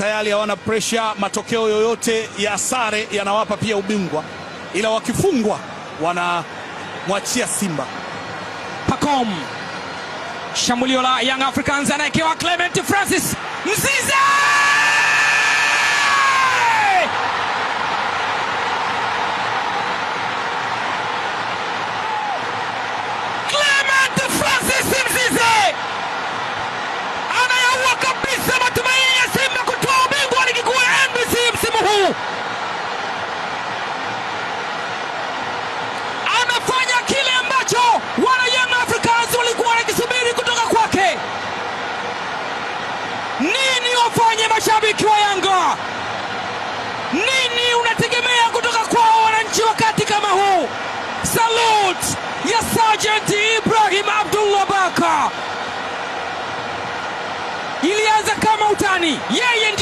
tayari hawana presha. Matokeo yoyote ya sare yanawapa pia ubingwa, ila wakifungwa wanamwachia Simba. Pacom, shambulio la Young Africans, anaekewa Clement Francis Mzize huu amefanya kile ambacho wana Young Africans walikuwa wanakisubiri kutoka kwake. Nini wafanye mashabiki wa Yanga? Nini unategemea kutoka kwao wananchi wakati kama huu? Salute ya Sergeant Ibrahim Abdullah Baka ilianza kama utani, yeye